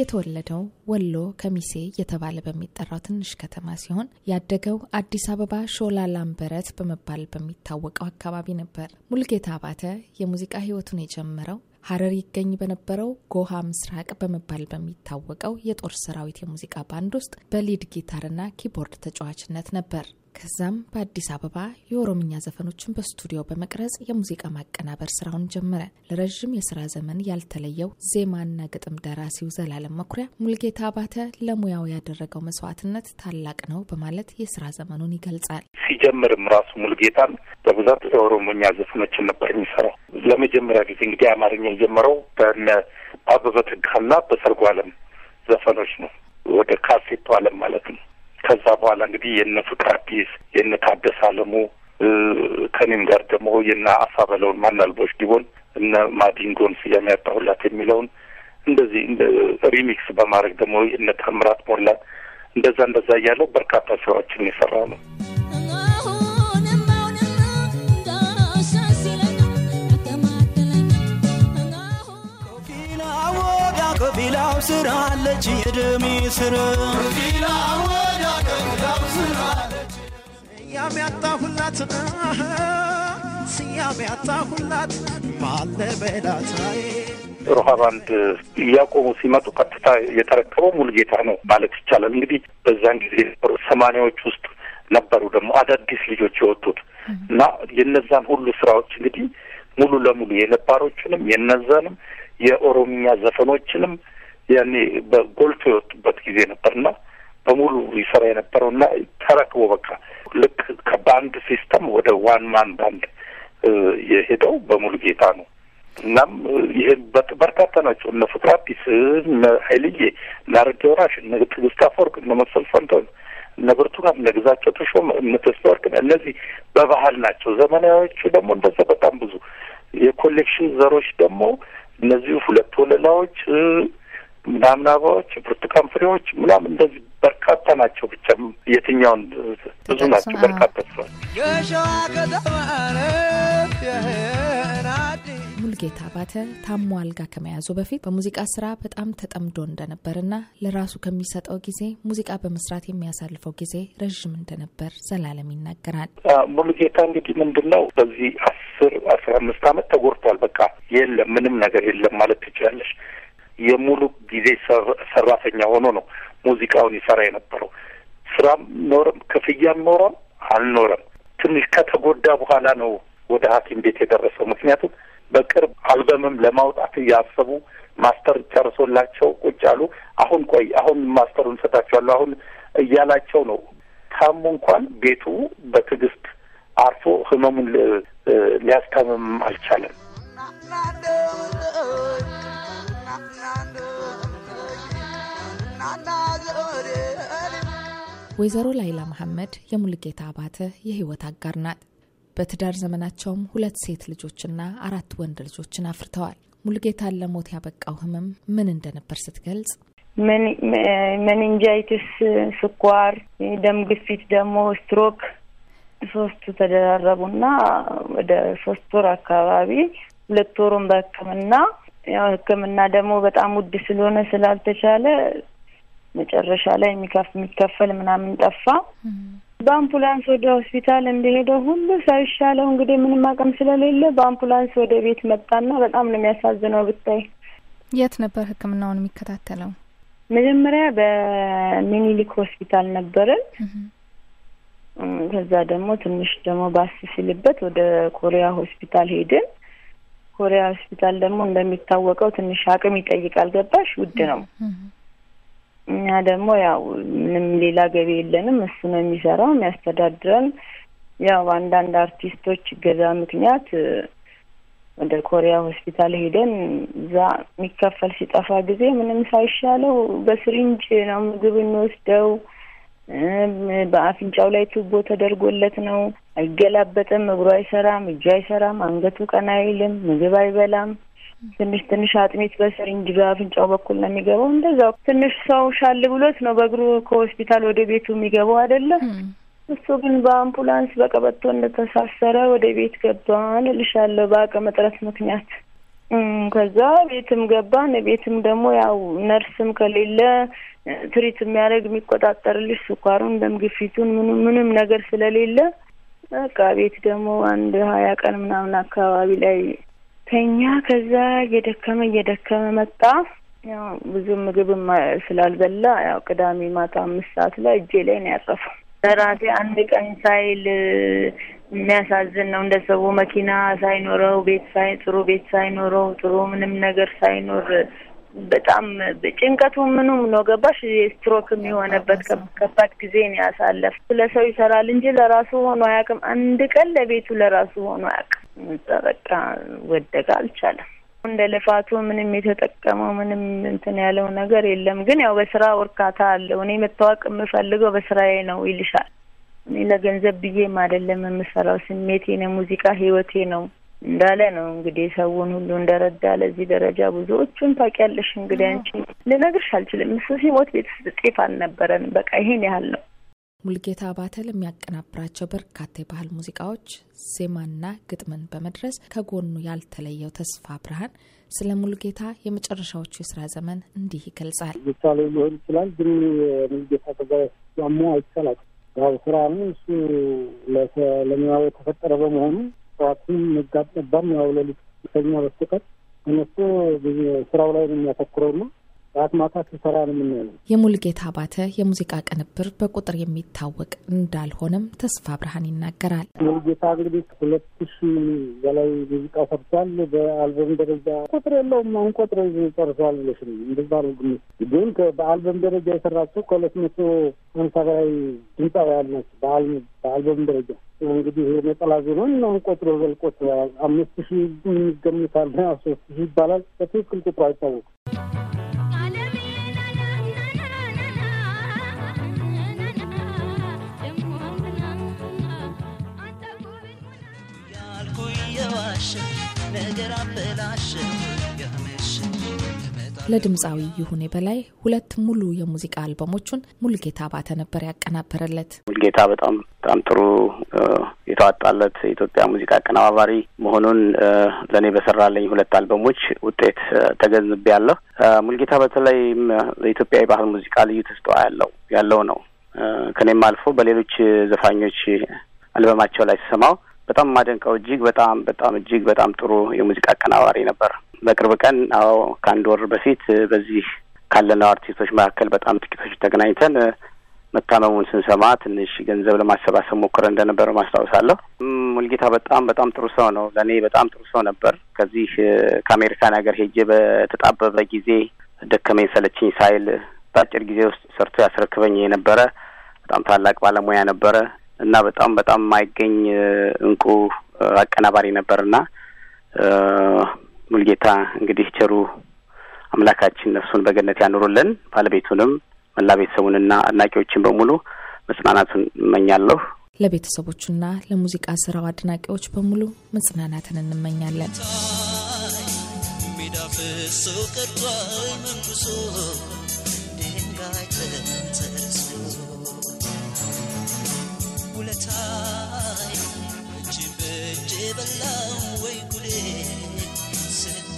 የተወለደው ወሎ ከሚሴ እየተባለ በሚጠራው ትንሽ ከተማ ሲሆን ያደገው አዲስ አበባ ሾላ ላምበረት በመባል በሚታወቀው አካባቢ ነበር። ሙልጌታ አባተ የሙዚቃ ሕይወቱን የጀመረው ሀረር ይገኝ በነበረው ጎሃ ምስራቅ በመባል በሚታወቀው የጦር ሰራዊት የሙዚቃ ባንድ ውስጥ በሊድ ጊታርና ኪቦርድ ተጫዋችነት ነበር። ከዛም በአዲስ አበባ የኦሮምኛ ዘፈኖችን በስቱዲዮ በመቅረጽ የሙዚቃ ማቀናበር ስራውን ጀመረ። ለረዥም የስራ ዘመን ያልተለየው ዜማና ግጥም ደራሲው ዘላለም መኩሪያ ሙልጌታ አባተ ለሙያው ያደረገው መስዋዕትነት ታላቅ ነው በማለት የስራ ዘመኑን ይገልጻል። ሲጀምርም ራሱ ሙልጌታን በብዛት የኦሮሞኛ ዘፈኖችን ነበር የሚሰራው። ለመጀመሪያ ጊዜ እንግዲህ አማርኛ የጀመረው በነ አበበ ተካና በሰርጓለም ዘፈኖች ነው። ወደ ካሴቱ አለም ማለት ነው። ከዛ በኋላ እንግዲህ የነ ፍቅር አዲስ የነ ታደሰ አለሙ ከኔም ጋር ደግሞ የነ አሳ በለውን ማናልቦች ዲቦን እነ ማዲንጎን ስያሜ ያጣሁላት የሚለውን እንደዚህ ሪሚክስ በማድረግ ደግሞ የነ ተምራት ሞላ እንደዛ እንደዛ እያለው በርካታ ስራዎችን የሰራ ነው። ስራ አለች የደሜ ስራ ያጣሁላት ስያሜ ሮሃ ባንድ እያቆሙ ሲመጡ ቀጥታ የተረከበው ሙሉጌታ ነው ማለት ይቻላል። እንግዲህ በዛን ጊዜ ሰማኒያዎች ውስጥ ነበሩ ደግሞ አዳዲስ ልጆች የወጡት እና የነዛን ሁሉ ስራዎች እንግዲህ ሙሉ ለሙሉ የነባሮችንም የነዛንም የኦሮሚያ ዘፈኖችንም ያኔ በጎልቶ የወጡበት ጊዜ ነበር እና በሙሉ ይሰራ የነበረው እና ተረክቦ በቃ ልክ ባንድ ሲስተም ወደ ዋን ማን ባንድ የሄደው በሙሉ ጌታ ነው። እናም ይህን በርካታ ናቸው። እነ ፍቅር እነ ሀይልዬ፣ እነ አረጌ ወራሽ፣ እነ ትዕግስት አፈወርቅ፣ እነ መሰል ፈንታሁን፣ እነ ብርቱካን፣ እነ ግዛቸው ተሾመ፣ እነ ተስፋ ወርቅ እነዚህ በባህል ናቸው። ዘመናዊዎቹ ደግሞ እንደዛ በጣም ብዙ የኮሌክሽን ዘሮች ደግሞ እነዚህ ሁለት ወለላዎች ምናምናባዎች፣ ብርቱካን ፍሬዎች ምናምን እንደዚህ በርካታ ናቸው። ብቻ የትኛውን ብዙ ናቸው፣ በርካታ ስራዎች። ሙልጌታ ባተ ታሞ አልጋ ከመያዙ በፊት በሙዚቃ ስራ በጣም ተጠምዶ እንደነበርና ለራሱ ከሚሰጠው ጊዜ ሙዚቃ በመስራት የሚያሳልፈው ጊዜ ረዥም እንደነበር ዘላለም ይናገራል። ሙልጌታ እንግዲህ ምንድን ነው በዚህ አስር አስራ አምስት አመት ተጎድቷል። በቃ የለም ምንም ነገር የለም ማለት ትችላለች። የሙሉ ጊዜ ሰራተኛ ሆኖ ነው ሙዚቃውን ይሰራ የነበረው። ስራም ኖረም ክፍያም ኖረም አልኖረም ትንሽ ከተጎዳ በኋላ ነው ወደ ሐኪም ቤት የደረሰው። ምክንያቱም በቅርብ አልበምም ለማውጣት እያሰቡ ማስተር ጨርሶላቸው ቁጭ አሉ። አሁን ቆይ አሁን ማስተሩን ሰጣቸዋለሁ አሁን እያላቸው ነው። ታሙ እንኳን ቤቱ በትዕግስት አርፎ ህመሙን ሊያስታምም አልቻለም። ወይዘሮ ላይላ መሐመድ የሙልጌታ አባተ የህይወት አጋር ናት። በትዳር ዘመናቸውም ሁለት ሴት ልጆችና አራት ወንድ ልጆችን አፍርተዋል። ሙልጌታን ለሞት ያበቃው ህመም ምን እንደነበር ስትገልጽ መንንጃይትስ፣ ስኳር፣ ደም ግፊት ደግሞ ስትሮክ ሶስቱ ተደራረቡና ወደ ሶስት ወር አካባቢ ሁለት ወሩን በህክምና ያው ህክምና ደግሞ በጣም ውድ ስለሆነ ስላልተቻለ መጨረሻ ላይ የሚከፈል ምናምን ጠፋ። በአምቡላንስ ወደ ሆስፒታል እንደሄደው ሁሉ ሳይሻለው እንግዲህ ምንም አቅም ስለሌለ በአምቡላንስ ወደ ቤት መጣና በጣም ነው የሚያሳዝነው። ብታይ የት ነበር ሕክምናውን የሚከታተለው? መጀመሪያ በሚኒሊክ ሆስፒታል ነበርን። ከዛ ደግሞ ትንሽ ደግሞ ባስ ሲልበት ወደ ኮሪያ ሆስፒታል ሄድን። ኮሪያ ሆስፒታል ደግሞ እንደሚታወቀው ትንሽ አቅም ይጠይቃል። ገባሽ? ውድ ነው እኛ ደግሞ ያው ምንም ሌላ ገቢ የለንም። እሱ ነው የሚሰራው የሚያስተዳድረን። ያው አንዳንድ አርቲስቶች ገዛ ምክንያት ወደ ኮሪያ ሆስፒታል ሄደን እዛ የሚከፈል ሲጠፋ ጊዜ ምንም ሳይሻለው በስሪንጅ ነው ምግብ እንወስደው። በአፍንጫው ላይ ቱቦ ተደርጎለት ነው። አይገላበጥም፣ እግሩ አይሰራም፣ እጁ አይሰራም፣ አንገቱ ቀና አይልም፣ ምግብ አይበላም። ትንሽ ትንሽ አጥሜት በስሪንጅ በአፍንጫው በኩል ነው የሚገባው። እንደዛው ትንሽ ሰው ሻል ብሎት ነው በእግሩ ከሆስፒታል ወደ ቤቱ የሚገባው አይደለም። እሱ ግን በአምቡላንስ በቀበቶ እንደተሳሰረ ወደ ቤት ገባን እልሻለሁ፣ በአቅም እጥረት ምክንያት። ከዛ ቤትም ገባን። ቤትም ደግሞ ያው ነርስም ከሌለ ትሪት የሚያደርግ የሚቆጣጠርልሽ ስኳሩን፣ ደም ግፊቱን ምንም ነገር ስለሌለ በቃ ቤት ደግሞ አንድ ሀያ ቀን ምናምን አካባቢ ላይ ተኛ። ከዛ እየደከመ እየደከመ መጣ። ያው ብዙ ምግብ ስላልበላ ያው ቅዳሜ ማታ አምስት ሰዓት ላይ እጄ ላይ ነው ያረፈው። ለራሴ አንድ ቀን ሳይል የሚያሳዝን ነው። እንደ ሰው መኪና ሳይኖረው ቤት ሳይ ጥሩ ቤት ሳይኖረው ጥሩ ምንም ነገር ሳይኖር በጣም ጭንቀቱ ምኑም ነው ገባሽ? ስትሮክም የሆነበት ከባድ ጊዜ ነው ያሳለፍ። ለሰው ይሰራል እንጂ ለራሱ ሆኖ አያውቅም። አንድ ቀን ለቤቱ ለራሱ ሆኖ አያውቅም። በቃ ወደቀ፣ አልቻለም። እንደ ልፋቱ ምንም የተጠቀመው ምንም እንትን ያለው ነገር የለም። ግን ያው በስራ እርካታ አለው። እኔ መታወቅ የምፈልገው በስራዬ ነው ይልሻል። እኔ ለገንዘብ ብዬም አይደለም የምሰራው፣ ስሜቴ ነው፣ ሙዚቃ ህይወቴ ነው እንዳለ ነው እንግዲህ ሰውን ሁሉ እንደረዳ ለዚህ ደረጃ ብዙዎቹን ታውቂያለሽ። እንግዲህ አንቺ ልነግርሽ አልችልም። እሱ ሲሞት ቤት ውስጥ ጤፍ አልነበረንም። በቃ ይሄን ያህል ነው። ሙልጌታ አባተ ለሚያቀናብራቸው በርካታ የባህል ሙዚቃዎች ዜማና ግጥምን በመድረስ ከጎኑ ያልተለየው ተስፋ ብርሃን ስለ ሙልጌታ የመጨረሻዎቹ የስራ ዘመን እንዲህ ይገልጻል። ምሳሌ ሊሆን ይችላል ግን ሙልጌታ ከዛ ያሞ አይቻላል። ያው ስራ ነው እሱ ለሙያው የተፈጠረ በመሆኑ ጠዋትም መጋጥ ያው ለሊት ተኛ በስተቀር እነሱ ስራው ላይ ነው የሚያተኩረውና ሰዓት ማታ ስሰራ ነው የምንውለው። የሙልጌታ አባተ የሙዚቃ ቅንብር በቁጥር የሚታወቅ እንዳልሆነም ተስፋ ብርሃን ይናገራል። ሙልጌታ እንግዲህ ሁለት ሺ በላይ ሙዚቃ ሰርቷል። በአልበም ደረጃ ቁጥር የለውም። አሁን ቁጥር ጨርሷል ብለሽ ነው እንደዛ አድርጉ። ግን በአልበም ደረጃ የሰራቸው ከሁለት መቶ ሃምሳ በላይ ድምፃውያን ናቸው። በአልበም ደረጃ እንግዲህ ነጠላ ዜማን አሁን ቆጥሮ ዘልቆት አምስት ሺ ይገምታል፣ ሶስት ሺ ይባላል። በትክክል ቁጥሩ አይታወቅም። ለድምፃዊ ይሁኔ በላይ ሁለት ሙሉ የሙዚቃ አልበሞቹን ሙልጌታ አባተ ነበር ያቀናበረለት። ሙልጌታ በጣም በጣም ጥሩ የተዋጣለት የኢትዮጵያ ሙዚቃ አቀናባባሪ መሆኑን ለእኔ በሰራለኝ ሁለት አልበሞች ውጤት ያለሁ። ሙልጌታ በተለይም ለኢትዮጵያ የባህል ሙዚቃ ልዩ ተስጦታ ያለው ያለው ነው። ከኔም አልፎ በሌሎች ዘፋኞች አልበማቸው ላይ ስሰማው በጣም ማደንቀው እጅግ በጣም በጣም እጅግ በጣም ጥሩ የሙዚቃ አቀናባሪ ነበር። በቅርብ ቀን አዎ ከአንድ ወር በፊት በዚህ ካለነው አርቲስቶች መካከል በጣም ጥቂቶች ተገናኝተን መታመሙን ስንሰማ ትንሽ ገንዘብ ለማሰባሰብ ሞክረ እንደነበረ ማስታወሳለሁ። ሙልጌታ በጣም በጣም ጥሩ ሰው ነው። ለእኔ በጣም ጥሩ ሰው ነበር። ከዚህ ከአሜሪካን ሀገር ሄጄ በተጣበበ ጊዜ ደከመኝ ሰለችኝ ሳይል በአጭር ጊዜ ውስጥ ሰርቶ ያስረክበኝ የነበረ በጣም ታላቅ ባለሙያ ነበረ። እና በጣም በጣም የማይገኝ እንቁ አቀናባሪ ነበርና ሙልጌታ እንግዲህ ቸሩ አምላካችን ነፍሱን በገነት ያኑሩልን፣ ባለቤቱንም መላ ቤተሰቡንና አድናቂዎችን በሙሉ መጽናናቱን እመኛለሁ። ለቤተሰቦቹና ለሙዚቃ ስራው አድናቂዎች በሙሉ መጽናናትን እንመኛለን። ሜዳ time. Chip, chip, a long way, good.